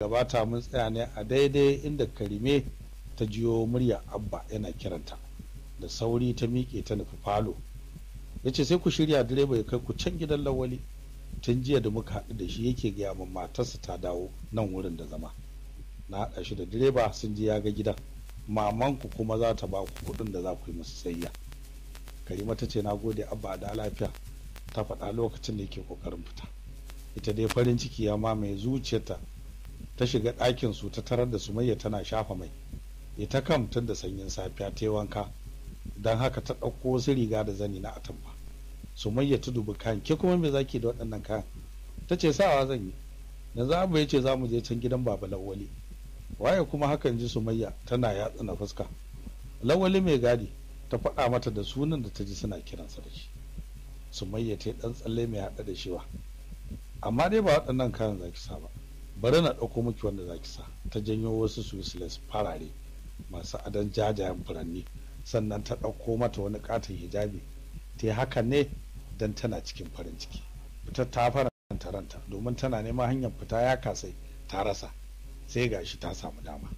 gabata mun tsaya ne a daidai inda karime ta jiyo murya abba yana kiranta da sauri ta miƙe ta nufi falo ya ce sai ku shirya direba ya kai ku can gidan lawali tun jiya da muka haɗu da shi yake gaya min matarsa ta dawo nan wurin da zama na haɗa shi da direba sun ji ya ga gidan mamanku kuma za ta ba ku kuɗin da za ku yi musu sayya karima ta ce na gode abba da lafiya ta faɗa lokacin da yake ƙoƙarin fita ita dai farin ciki ya mamaye zuciyarta ta shiga ɗakin su ta tarar da sumayya tana shafa mai ita kam tun da sanyin safiya ta yi wanka don haka ta ɗauko wasu riga da zani na atamfa sumayya ta dubi kayan ke kuma me zaki da waɗannan kayan ta ce sawa zan yi yanzu abu ya ce za mu je can gidan baba lawali waye kuma hakan ji sumayya tana yatsa na fuska lawali mai gadi ta faɗa mata da sunan da ta ji suna kiransa da shi sumayya ta yi ɗan tsalle mai haɗa da shiwa amma dai ba waɗannan kayan zaki sa ba bari na ɗauko miki wanda za ki sa ta janyo wasu swisless farare masu adon jajayen furanni sannan ta ɗauko mata wani ƙaton hijabi ta yi haka ne don tana cikin farin ciki fitar ta faranta ranta domin tana neman hanyar fita ya kasai ta rasa sai ga shi ta samu dama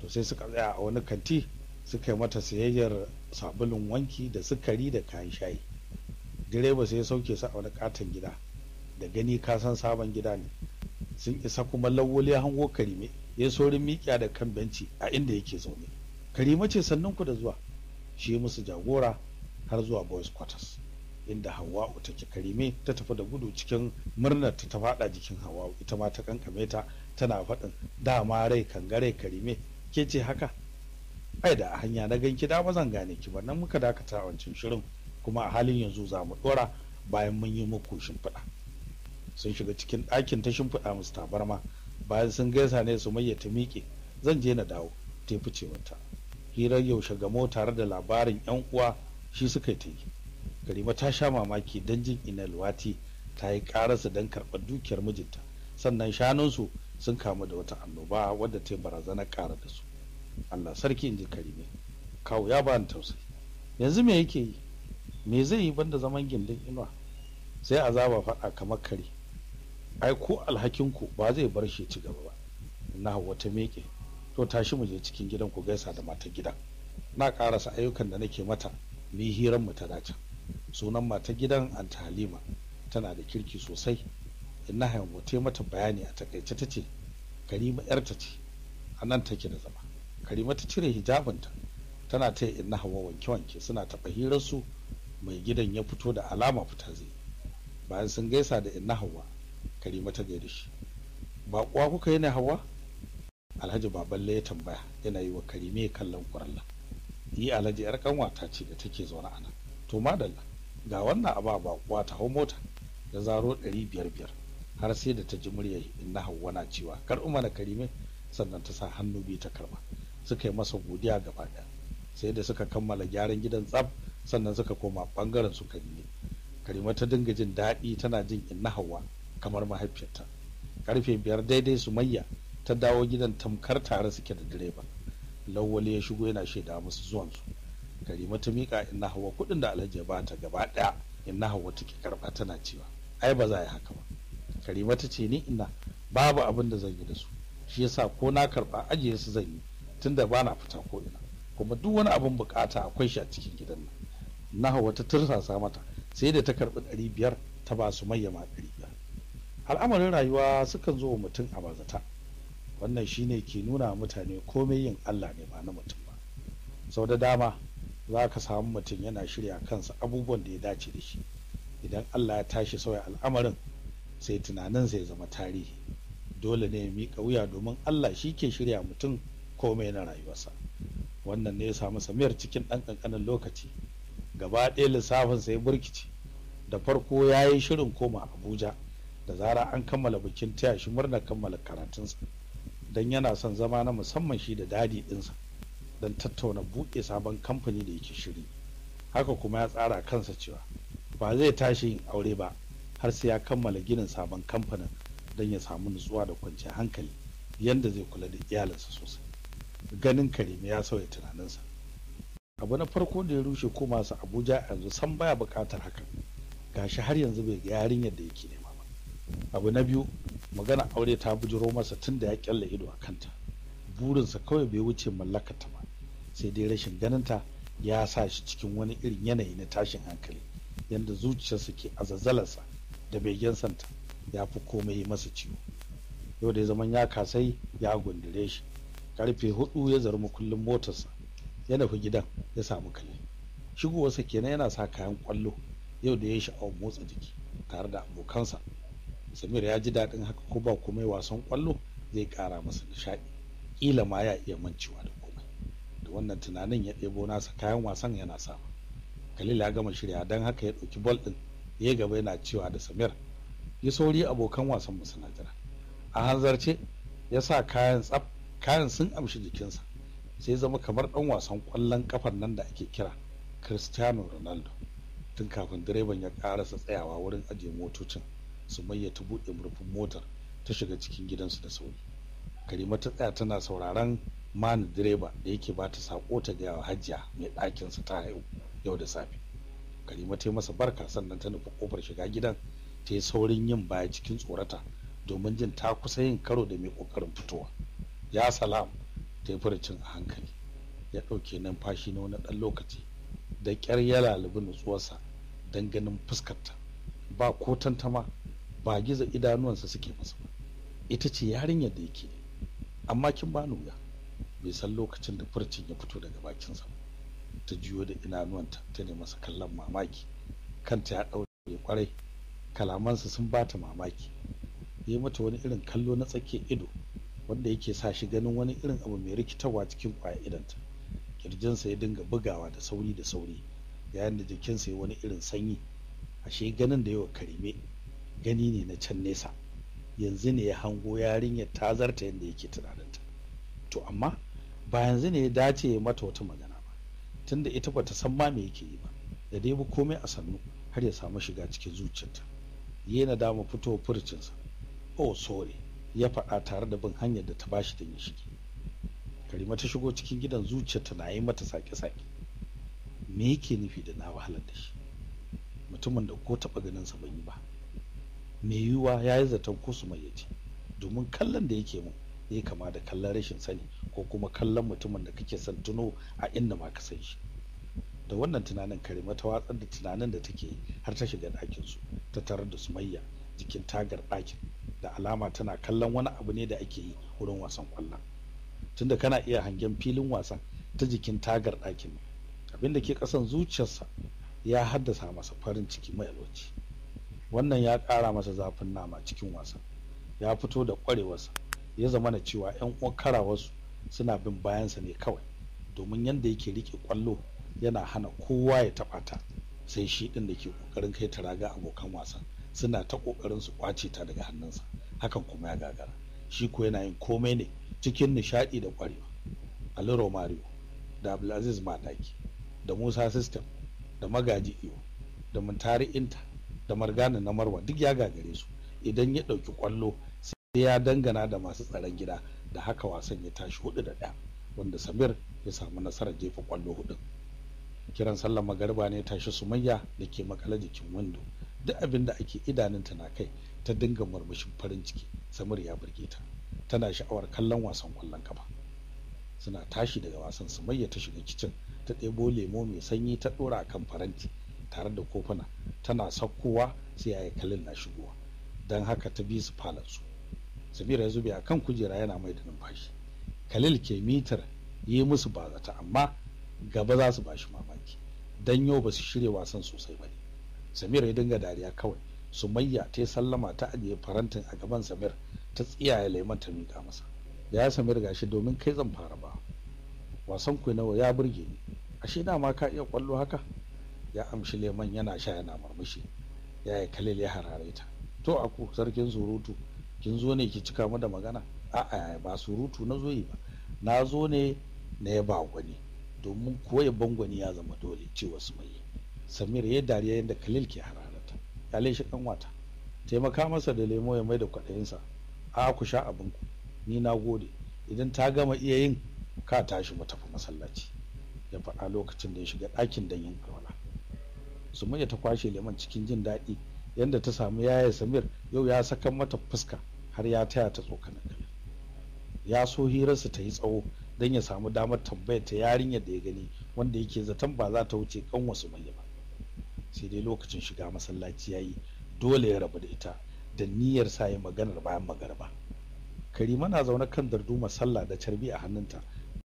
to sai suka tsaya a wani kanti suka yi mata sayayyar sabulun wanki da sukari da kayan shayi direba sai ya sauke su a wani katon gida da gani ka san sabon gida ne sun isa kuma lawwali ya hango karime ya saurin miƙa da kan benci a inda yake zaune karima ce sannan ku da zuwa shi musu jagora har zuwa boys quarters inda hawa'u take karime ta tafi da gudu cikin murnar ta faɗa jikin hawa'u ita ma ta kankame ta tana faɗin dama rai kangare karime ke ce haka ai da hanya na ganki da ba zan gane ki ba nan muka dakata a wancan shirin kuma a halin yanzu za mu ɗora bayan mun yi muku shimfiɗa sun shiga cikin ɗakin ta shimfiɗa musu tabarma bayan sun gaisa ne su ta miƙe zan je na dawo ta fice mata hirar yaushe gamo tare da labarin yan uwa shi suka ta yi garima ta sha mamaki don jin ina luwati ta yi ƙararsa don karɓar dukiyar mijinta sannan shanunsu sun kamu da wata annoba wadda ta yi barazanar ƙara da su allah sarki in ji karime kawo ya bani ni tausayi yanzu me yake yi me zai yi banda zaman gindin inuwa sai a zaba faɗa kamar kare ai ko alhakinku ba zai bar shi ci gaba ba na wata meke to tashi mu je cikin gidan ku gaisa da matar gidan na karasa ayyukan da nake mata ni hiran mu ta dace sunan matar gidan anta halima tana da kirki sosai inna hayan mata bayani a takaice tace ce karima yarta ce anan take da zama karima ta cire hijabinta tana ta inna hawa wanke-wanke suna taɓa su mai gidan ya fito da alama fita zai bayan sun gaisa da inna hawa karima ta da shi baƙuwa kuka yana hawa alhaji baballe ya tambaya yana yi wa karime kallon ƙwarla yi alhaji yar kanwata ce da take zaune a nan to madalla ga wannan ba baƙuwa ta hau mota da zaro ɗari biyar biyar har sai da ta ji murya muryar inna hawa na cewa kar umana karime sannan ta sa hannu biyu ta karba suka yi masa godiya gaba ɗaya sai da suka kammala gyaran gidan tsaf sannan suka koma ɓangaren su karime karima ta dinga jin daɗi tana jin inna hawa kamar mahaifiyarta karfe biyar daidai su mayya. ta dawo gidan tamkar tare suke da direba Lawali ya shigo yana shaida musu zuwansu karima ta mika inna hawa kudin da alhaji ya bata gaba daya inna hawa take karba tana cewa ai ba za a yi haka ba karima ta ce ni inna babu abin da zan yi da su shi yasa ko na karba ajiye su zan yi tunda ba na fita ko ina kuma duk wani abin bukata akwai shi a cikin gidan nan na hawa ta tursasa mata sai da ta karbi ɗari biyar ta ba su mayyama ɗari al'amarin rayuwa sukan zo wa mutum a bazata wannan shine ke nuna mutane komai yin allah ne ba na mutum ba sau da dama za ka samu mutum yana shirya kansa abubuwan da ya dace da shi idan allah ya tashi sauya al'amarin sai tunanin zai zama tarihi dole ne ya miƙa wuya domin allah shi ke shirya mutum komai na rayuwarsa wannan ne ya samu samiyar cikin ɗan ƙanƙanin lokaci gaba ɗaya lissafin sai burkici da farko ya yi shirin koma abuja da zara an kammala bikin taya shi murna kammala karatunsa don yana son zama na musamman shi da dadi ɗinsa don tattauna buɗe sabon kamfani da yake shiri haka kuma ya tsara kansa cewa ba zai tashi yin aure ba har sai ya kammala ginin sabon kamfanin don ya samu nutsuwa da kwanciyar hankali yadda zai kula da iyalinsa sosai ganin karime ya sauya tunaninsa abu na farko da ya rushe ko masu abuja yanzu san baya bukatar hakan gashi har yanzu bai ga yarinyar da yake ne abu na biyu magana aure ta bujiro masa tun da ya kyalle ido a kanta burinsa kawai bai wuce mallakata ba sai dai rashin ganinta ya sa shi cikin wani irin yanayi na tashin hankali yadda zuciyarsa ke azazzalarsa da bai santa ya fi komai masa ciwo yau da ya zaman ya kasai ya gundire shi karfe hudu ya zarmi kullum motarsa ya nufi gidan ya samu kale shigowarsa kenan yana sa kayan kwallo yau da ya sha'awar motsa jiki tare da abokansa samir ya ji daɗin haka ko ba komai wasan kwallo zai ƙara masa nishaɗi ƙila ma ya iya mancewa da komai da wannan tunanin ya ɗebo nasa kayan wasan yana sama khalil ya gama shirya don haka ya ɗauki bol ɗin ya gaba yana cewa da samir yi sauri abokan wasan mu suna jira a hanzarce ya sa kayan tsaf kayan sun amshi jikinsa sai zama kamar ɗan wasan ƙwallon ƙafar nan da ake kira cristiano ronaldo tun kafin direban ya ƙarasa tsayawa wurin ajiye motocin Su maye ta buɗe murfin motar ta shiga cikin gidansu da sauri karima ta tsaya tana sauraron mani direba da yake ba ta saƙo ta gaya wa hajiya mai ɗakinsa ta haihu yau da safe karima ta yi masa barka sannan ta nufi ƙofar shiga gidan ta yi saurin yin baya cikin tsorata domin jin ta kusa yin karo da mai ƙoƙarin fitowa ya salam ta yi furucin a hankali ya ɗauke numfashi na wani ɗan lokaci da ƙyar ya lalubi nutsuwarsa don ganin fuskarta ba ko tantama ba gizo idanuwansa suke masa ba ita ce yarinyar da yake amma kin bani wuya bai san lokacin da furcin ya fito daga bakinsa ta juyo da idanuwanta ta ne masa kallon mamaki kanta ya ɗaure kwarai kalamansa sun bata mamaki ya mata wani irin kallo na tsakiyar ido wanda yake sa shi ganin wani irin abu mai rikitarwa cikin kwaya idanta kirjinsa ya dinga bugawa da sauri da sauri yayin da jikinsa ya wani irin sanyi ashe ganin da yawa karime gani ne na can nesa yanzu ne ya hango yarinyar ta zarta yadda yake tunaninta to amma ba yanzu ne ya dace mata wata magana ba tunda ita bata san ma me yake yi ba da dai bu komai a sannu har ya samu shiga cikin zuciyarta yana dama fito furcinsa oh sorry ya faɗa tare da bin hanyar da ta bashi don yin shige karima ta shigo cikin gidan zuciyarta na yi mata sake-sake me yake nufi da na wahalar da shi mutumin da ko taɓa ganin sa ban yi ba mai yiwuwa ya yi zaton ko su mai domin kallon da yake mu ya kama da kallon rashin sani ko kuma kallon mutumin da kake son tuno a inda ma ka san shi da wannan tunanin karima ta watsar da tunanin da take har ta shiga ɗakin su ta tarar da su mayya jikin tagar ɗakin da alama tana kallon wani abu ne da ake yi wurin wasan kwallon tunda kana iya hangen filin wasan ta jikin tagar ɗakin abinda ke ƙasan zuciyarsa ya haddasa masa farin ciki mai alwaci wannan ya ƙara masa zafin nama cikin wasan ya fito da ƙwarewarsa ya zama na cewa 'yan kara wasu suna bin bayansa ne kawai domin yadda yake rike kwallo yana hana kowa ya taɓa ta sai shi ɗin da ke ƙoƙarin kai ta raga abokan wasan suna ta ƙoƙarin su kwace ta daga hannunsa hakan kuma ya gagara shi ko yana yin komai ne cikin nishaɗi da kwarewa ali romario da abdulaziz mataki da musa system da magaji iyo da muntari inta da margana na marwa duk ya gagare su idan ya ɗauki ƙwallo sai ya dangana da masu tsaron gida da haka wasan ya tashi hudu da ɗaya wanda samir ya samu nasarar jefa ƙwallo hudu kiran sallar magarba ne tashi sumayya da ke makala jikin wando duk abin da ake idanunta na kai ta dinga murmushin farin ciki samir ya burge ta tana sha'awar kallon wasan ƙwallon kafa suna tashi daga wasan sumayya ta shiga kicin ta ɗebo lemo mai sanyi ta ɗora a kan faranti tare da kofuna tana sakkowa sai ya yi kalin na shigowa don haka ta bi su falansu samira ya zube a kan kujera yana mai da numfashi kalil ke mitar yi musu ba bazata amma gaba za su shi mamaki don yau ba su shirya wasan sosai ba ne samira ya dinga dariya kawai sumayya ta yi sallama ta ajiye farantin a gaban samir ta tsiyaye laiman ta miƙa masa ya samir gashi domin kai zan fara ba wasan ku nawa ya burge ni ashe dama ka iya kwallo haka ya amshi leman yana sha yana murmushi ya yi kalil ya harare ta to a ku sarkin surutu kin zo ne ki cika mu da magana a'a ba surutu na zo yi ba na zo ne na ya bagwani domin koya bangwani ya zama dole cewa su mai samir ya dariya yadda kalil ke hararata ya leshi kan wata taimaka masa da lemo ya mai da kwaɗayinsa a ku sha abinku ni na gode idan ta gama iya yin ka tashi mu tafi masallaci ya faɗa lokacin da ya shiga ɗakin don yin kawala Su sumayya ta kwashe lemon cikin jin daɗi yadda ta samu yaya samir yau ya saka mata fuska har ya taya ta tsokanar ya so hirarsa ta yi tsawo don ya samu damar tambayar ta yarinyar da ya gani wanda yake zaton ba za ta wuce wasu manya ba sai dai lokacin shiga masallaci ya yi dole ya rabu da ita da niyyar sa ya maganar bayan magarba karima na zaune kan darduma sallah da carbi a hannunta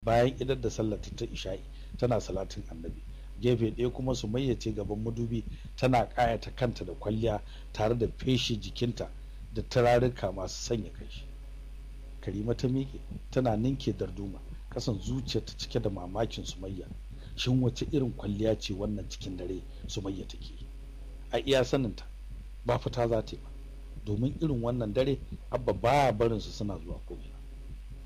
bayan idar da sallar ta isha'i tana salatin annabi gefe ɗaya kuma su mayyace gaban madubi tana ƙayata kanta da kwalliya tare da feshi jikinta da turaruka masu sanya kai karima ta miƙe tana ninke darduma kasan zuciyarta cike da mamakin sumayya shin wace irin kwalliya ce wannan cikin dare sumayya take a iya saninta ba fita za ta yi ba domin irin wannan dare abba baya barin su suna zuwa ko'ina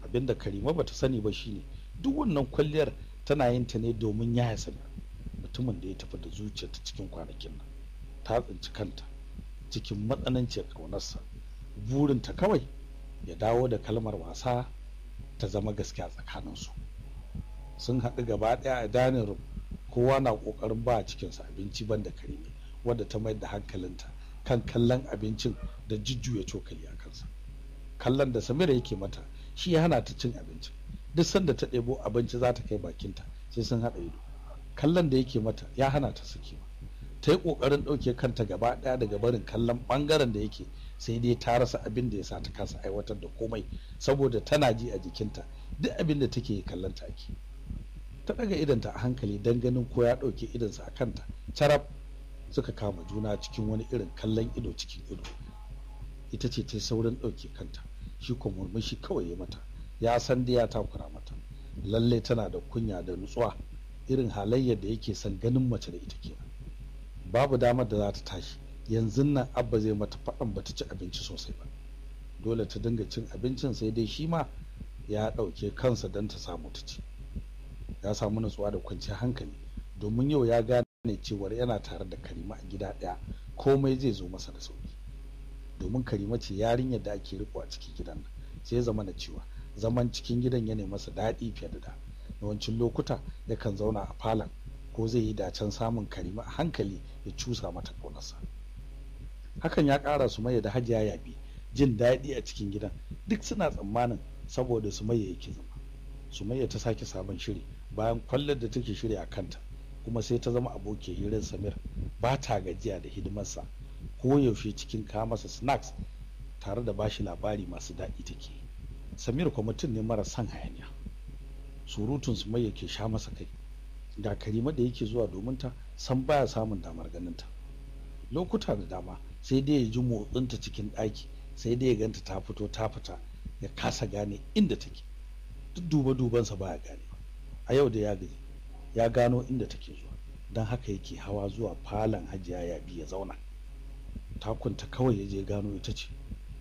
abinda karima bata sani ba shine duk wannan kwalliyar tana yin ta ne domin ya sani mutumin da ya tafi da ta cikin kwanakin nan ta tsinci kanta cikin matsananciyar ƙaunarsa burinta kawai ya dawo da kalmar wasa ta zama gaskiya tsakaninsu sun haɗu gaba ɗaya a dining room kowa na ƙoƙarin ba cikinsa abinci ban da kare wanda ta mayar da hankalinta kan kallon abincin da jujjuya cokali a kansa kallon da samira yake mata shi ya hana ta cin abinci duk sanda ta ɗebo abinci za ta kai bakinta sai sun haɗa ido kallon da yake mata ya hana ta sakewa ta yi kokarin ɗauke kanta gaba ɗaya daga barin kallon ɓangaren da yake sai dai ta rasa abin da ya sa ta kasa aiwatar da komai saboda tana ji a jikinta duk abin da take kallon ta ake ta ɗaga idanta a hankali don ganin ko ya ɗauke idansa a kanta carab suka kama juna cikin wani irin kallon ido cikin ido ita ce ta saurin ɗauke kanta shi ko murmushi kawai ya mata ya san da ya takura mata lallai tana da kunya da nutsuwa irin halayyar da yake son ganin mace da ita kenan babu damar da za ta tashi yanzu nan abba zai mata faɗan ba ta ci abinci sosai ba dole ta dinga cin abincin sai dai shi ma ya ɗauke kansa don ta samu ta ci ya samu nutsuwa da kwanciyar hankali domin yau ya gane cewar yana tare da karima a gida ɗaya komai zai zo masa da sauki domin karima ce yarinyar da ake riko a cikin gidan nan sai zama na cewa zaman cikin gidan ya nemi masa daɗi fiye da da yawancin lokuta ya kan zauna a falon ko zai yi dacen samun karima a hankali ya cusa mata ƙonarsa hakan ya ƙara su maye da hajiya yabi jin daɗi a cikin gidan duk suna tsammanin saboda su maye yake zama su maye ta sake sabon shiri bayan kwallon da take shiri a kanta kuma sai ta zama abokin hirar samir ba ta gajiya da hidimarsa ko yaushe cikin kawo masa snacks tare da bashi labari masu daɗi take samir kuma mutum ne mara son hayaniya surutun su mai yake sha masa kai Da karima da yake zuwa domin ta san baya samun damar ganin ta lokuta da dama sai dai ya ji motsinta cikin ɗaki sai dai ya ganta ta fito ta fita ya kasa gane inda take duk duba dubansa baya gane a yau da ya gaji ya gano inda take zuwa dan haka yake hawa zuwa falon hajiya ya bi ya zauna takunta kawai ya je gano ita ce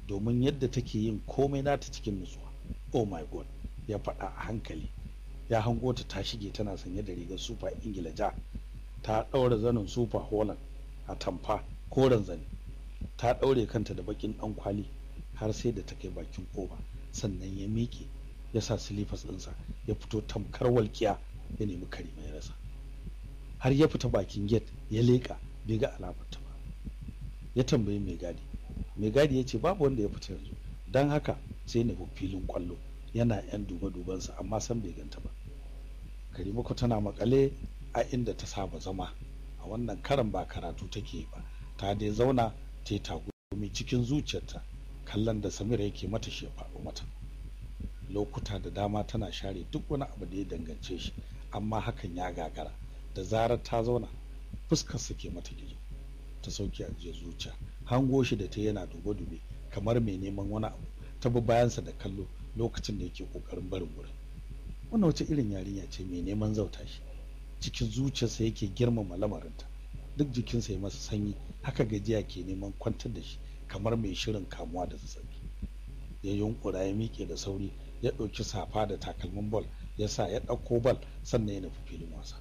domin yadda take yin komai nata cikin nutsuwa oh my god ya faɗa a hankali ya hango ta ta shige tana sanye da rigar sufa ingila ja ta ɗaura zanin super holland a tamfa ko zane ta ɗaure kanta da bakin ɗan kwali har sai da ta kai bakin koba sannan ya miƙe ya sa silifas ɗinsa ya fito tamkar walƙiya ya nemi kari mai rasa har ya fita bakin gate ya leƙa bai ga alamar ba ya tambayi mai gadi mai gadi ya ce babu wanda ya fita yanzu don haka sai na filin kwallo yana yan duba-dubansa amma san bai ganta ba karimu ko tana makale a inda ta saba zama a wannan karan ba karatu take ba ta dai zauna ta yi tagumi cikin zuciyarta kallon da samir yake mata shi faɗo mata lokuta da dama tana share duk wani abu da ya dangance shi amma hakan ya gagara da zarar ta zauna fuskar su ke mata gizo ta sauke a zuciya hango shi da ta yana dube-dube kamar mai neman wani abu ta bi bayansa da kallo lokacin da yake kokarin barin wurin wannan wace irin yarinya ce mai neman zauta shi cikin zuciyarsa yake girmama lamarinta duk jikinsa ya masa sanyi haka gajiya ke neman kwantar da shi kamar mai shirin kamuwa da zazzabi ya yunkura ya miƙe da sauri ya ɗauki safa da takalmin bal ya sa ya ɗauko bal sannan ya nufi filin wasa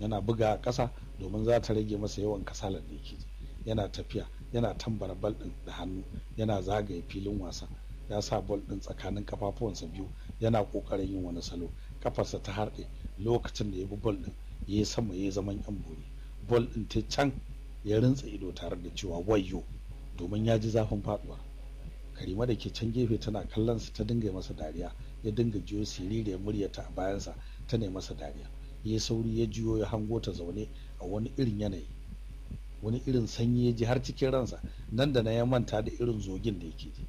yana buga a ƙasa domin za ta rage masa yawan kasalar da yake yana tafiya yana tambara bal ɗin da hannu yana zagaye filin wasa ya sa bol ɗin tsakanin kafafuwansa biyu yana ƙoƙarin yin wani salo kafarsa ta harɗe lokacin da ya bi bol din, ya yi sama ya yi zaman yan bori bol din ta can ya rintsa ido tare da cewa wayo, domin ya ji zafin faduwa karima da ke can gefe tana kallon sa ta dinga masa dariya ya dinga jiyo siririyar muryarta a bayansa ta ne masa dariya ya sauri ya jiyo ya hango ta zaune a wani irin yanayi wani irin sanyi ya ji har cikin ransa nan da na ya manta da irin zogin da yake ji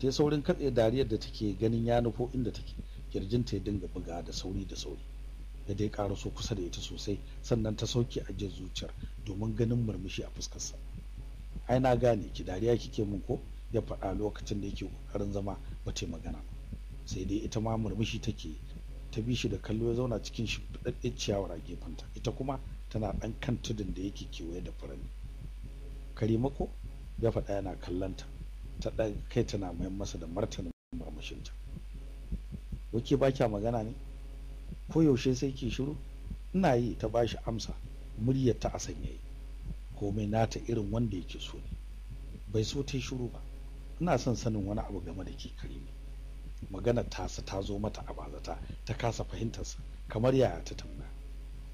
ta saurin katse dariyar da take ganin ya nufo inda take ta ya dinga buga da sauri da sauri ya dai so kusa da ita sosai sannan ta sauke a jin zuciyar domin ganin murmushi a fuskarsa ai na gane ki dariya kike mun ko ya faɗa lokacin da yake kokarin zama ba ta magana sai dai ita ma murmushi take ta bi shi da kallo ya zauna cikin shi daɗaɗɗen ciyawar a gefenta ita kuma tana ɗan kan tudun da yake kewaye da furanni karimako ya faɗa yana kallanta ta ɗan kai tana mai masa da martanin marmashinta wake ba kya magana ne ko yaushe sai ke shiru ina yi ta ba shi amsa muryar ta a sanyaye komai nata irin wanda yake so ne bai so ta shiru ba ina son sanin wani abu game da ke kare ni. magana tasa ta zo mata a bazata ta kasa fahimtarsa kamar yaya ta tambaya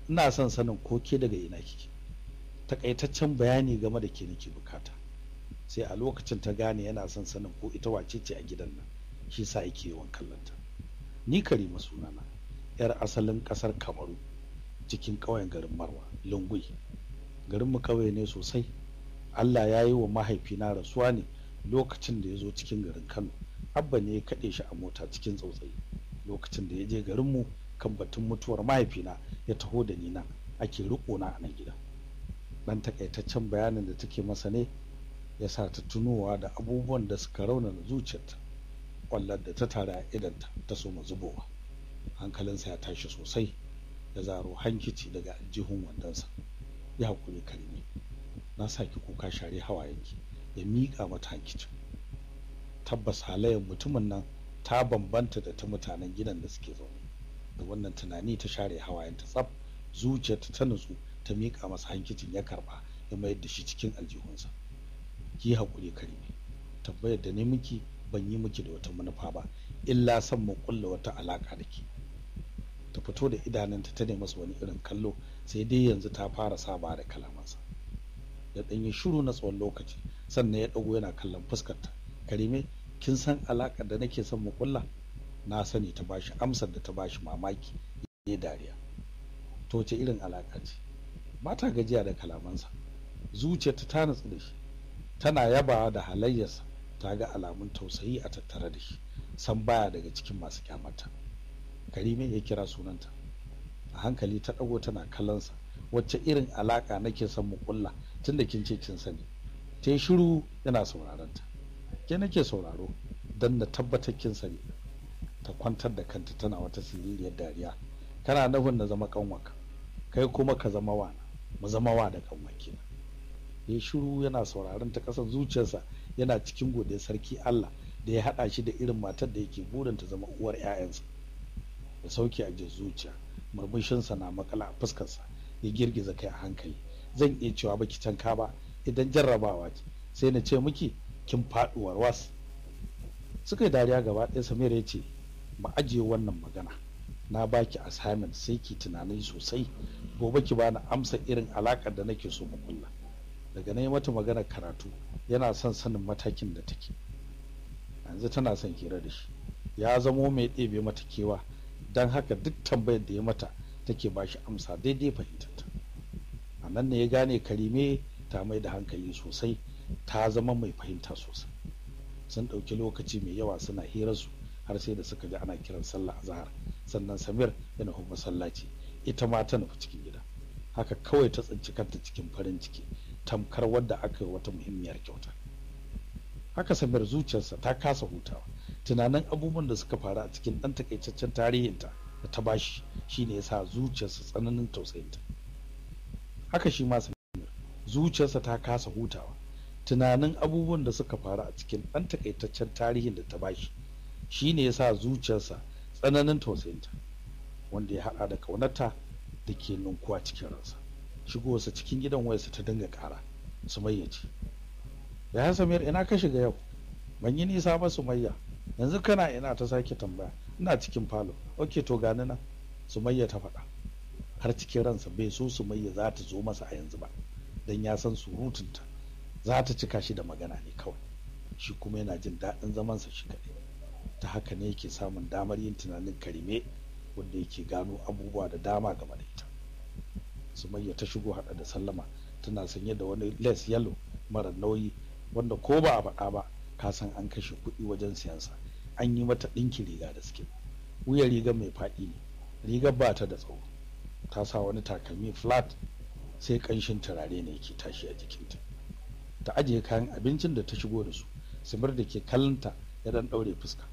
ina son sanin ko ke daga ina kike takaitaccen bayani game da ke nake bukata sai a lokacin ta gane yana son sanin ko ita wace ce a gidan nan shi sa yake yawan kallonta ni karima sunana yar asalin kasar kamaru cikin ƙauyen garin marwa lungui garin mu ƙauye ne sosai allah ya yi wa mahaifina rasuwa ne lokacin da ya zo cikin garin kano abba ne ya kaɗe shi a mota cikin tsautsayi lokacin da ya je garin mu kan batun mutuwar mahaifina ya taho da ni na ake riƙona a nan gida ɗan takaitaccen bayanin da take masa ne ya sa ta tunowa da abubuwan da suka rauna raunana zuciyarta kwallon da ta tare a idanta ta soma zubowa hankalinsa ya tashi sosai ya zaro hankici daga aljihun wandonsa ya hakuri kalmi na sa ki kuka share hawayenki ya miƙa mata hankicin tabbas halayen mutumin nan ta bambanta da ta mutanen gidan da suke zaune da wannan tunani ta share hawayenta tsaf zuciyarta ta nutsu ta miƙa masa hankicin ya karɓa ya mayar da shi cikin aljihunsa ki haƙuri kare tambayar da ni miki ban yi miki da wata manufa ba illa san mu kulla wata alaƙa da ke ta fito da idananta ta nemi wani irin kallo sai dai yanzu ta fara saba da kalamansa ya ɗanyi shiru na tsawon lokaci sannan ya ɗago yana kallon fuskarta karime kin san alaƙar da nake son mu kulla na sani ta bashi amsar da ta bashi mamaki ya dariya to ce irin alaƙa ce ba ta gajiya da kalamansa zuciyarta ta natsu da shi tana yaba da halayyarsa ta ga alamun tausayi a tattare da shi san baya daga cikin masu kyamata karime ya kira sunanta a hankali ta ɗago tana kallonsa wacce irin alaka nake son mu kulla tun da kin ce kin sani ta yi shiru yana sauraron ke nake sauraro don na tabbatar kin sani ta kwantar da kanta tana wata siririyar dariya kana nufin na zama kanwaka kai kuma ka zama wa mu zama wa da kanwaki na ya shiru yana sauraron ta kasan zuciyarsa yana cikin gode sarki Allah da ya haɗa shi da irin matar da yake burin ta zama uwar 'ya'yansa da sauki a jin zuciya murmushinsa na makala a fuskarsa ya girgiza kai a hankali zan iya cewa baki tanka ba idan jarrabawa ce sai na ce miki kin faɗuwar was suka yi dariya gaba ɗaya samira ya ce mu ajiye wannan magana na baki assignment sai ki tunani sosai gobe ki bani amsa irin alakar da nake so mu kulla daga nan mata magana karatu yana son sanin matakin da take yanzu tana son hira da shi ya zamo mai ɗebe mata kewa don haka duk tambayar da ya mata take ba shi amsa daidai fahimtarta a nan ne ya gane karime ta mai da hankali sosai ta zama mai fahimta sosai sun ɗauki lokaci mai yawa suna hirarsu har sai da suka ji ana kiran sallah azhar sannan samir ya nufi masallaci ita ma ta nufi cikin gida haka kawai ta tsinci kanta cikin farin ciki tamkar wadda aka yi wata muhimmiyar kyauta haka samir zuciyarsa ta kasa hutawa tunanin abubuwan da suka faru a cikin ɗan takaitaccen tarihinta da ta bashi shine ya sa zuciyarsa tsananin tausayinta haka shi ma samir zuciyarsa ta kasa hutawa tunanin abubuwan da suka faru a cikin ɗan takaitaccen tarihin da ta bashi shine ya sa zuciyarsa tsananin tausayinta wanda ya haɗa da ƙaunata da ke ninkuwa cikin ransa shigowarsa cikin gidan wayarsa ta dinga ƙara sumayya ce ya samir ina ka shiga yau ban yi nisa ba sumayya yanzu kana ina ta sake tambaya ina cikin falo ok to gani na sumayya ta faɗa har cikin ransa bai so sumayya za ta zo masa a yanzu ba don ya san surutunta za ta cika shi da magana ne kawai shi kuma yana jin daɗin zamansa shi kaɗai ta haka ne yake samun damar yin tunanin karime wanda yake gano abubuwa da dama game da ita sumayya ta shigo hada da sallama tana sanye da wani les yalo mara nauyi wanda ko ba a faɗa ba ka san an kashe kuɗi wajen siyansa an yi mata ɗinki riga da sikin Wuya rigar mai faɗi ne rigar ba ta da tsawo ta sa wani takalmi flat sai ƙanshin turare ne ke tashi a jikinta ta ajiye kayan abincin da ta shigo da su simir da ke kallonta ya ɗan ɗaure fuska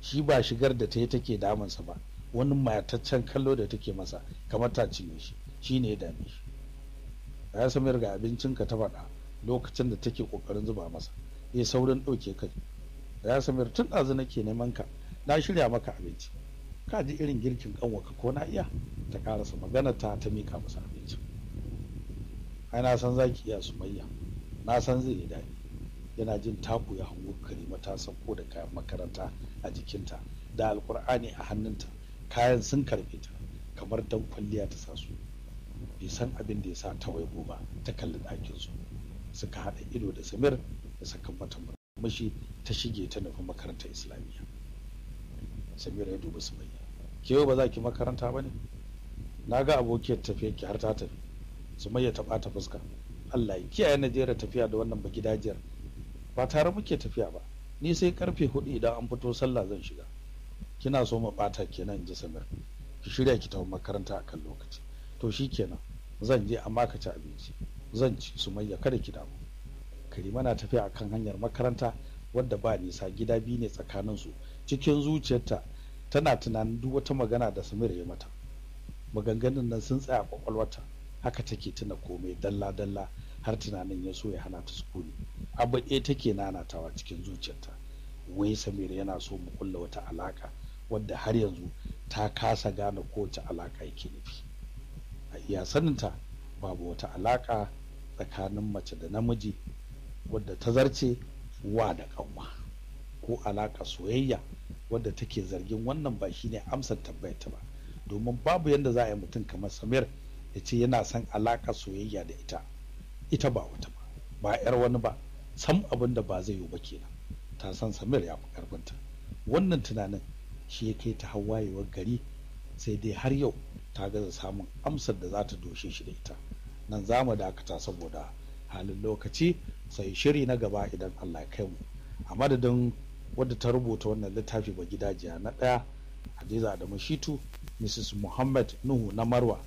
shi ba shigar da ta yi take damansa ba wani mayataccen kallo da take masa kamar ta cinye shi shi ne ya dame shi ya samar ga abincinka ta faɗa lokacin da take ƙoƙarin zuba masa ya saurin ɗauke kai ya samar tun ɗazu nake neman ka na shirya maka abinci ka ji irin girkin ƙanwaka ko na iya ta ƙarasa magana ta ta miƙa masa abincin ai na san zaki iya sumayya na san zai yi daɗi yana jin taku ya hango karima ta sauko da kayan makaranta a jikinta da alkur'ani a hannunta kayan sun karɓe ta kamar dan kwalliya ta sasu bai san abin da ya sa ta waigo ba ta kalli ɗakin su suka haɗa ido da samir da sakan mata murmushi ta shige ta nufi makarantar islamiyya samira ya dubi sumayya ke ba za ki makaranta ba ne na ga abokiyar tafiya ki har ta tafi sumayya ta ɓata fuska allah ya kiyaye najeriya tafiya da wannan ba gidajiyar ba tare muke tafiya ba ni sai karfe hudu idan an fito sallah zan shiga kina so mu ɓata kenan in ji samir ki shirya ki tafi makaranta akan lokaci to shi kenan. zan je amma ka ci abinci zan ci su mai ya kada ki karima na tafiya a kan hanyar makaranta wadda ba nisa gida biyu ne tsakanin su cikin zuciyarta tana tunanin duk wata magana da Samira ya mata maganganun nan sun tsaya kwakwalwata haka take tuna komai dalla dalla har tunanin ya so ya hana ta sukuni abu ɗaya take nanatawa cikin zuciyarta wai Samira yana so mu kulla wata alaka wadda har yanzu ta kasa gane kowace alaka yake nufi a iya saninta babu wata alaka tsakanin mace da namiji wadda ta zarce wa da kanwa ko alaka soyayya wadda take zargin wannan ba ne amsar tambayar ta ba domin babu yadda za a yi mutum kamar samir ya ce yana son alaka soyayya da ita ita ba wata ba ba yar wani ba sam abin da ba zai yi ba kenan ta san samir ya fi karfinta wannan tunanin shi ya kai ta hawayewar gari sai dai har yau ta gaza samun amsar da za ta doshe shi da ita nan za mu dakata saboda halin lokaci sai shiri na gaba idan allah ya kai mu a madadin wadda ta rubuta wannan littafi ba gidajiya na ɗaya hadiza adamu shitu mrs muhammad nuhu na marwa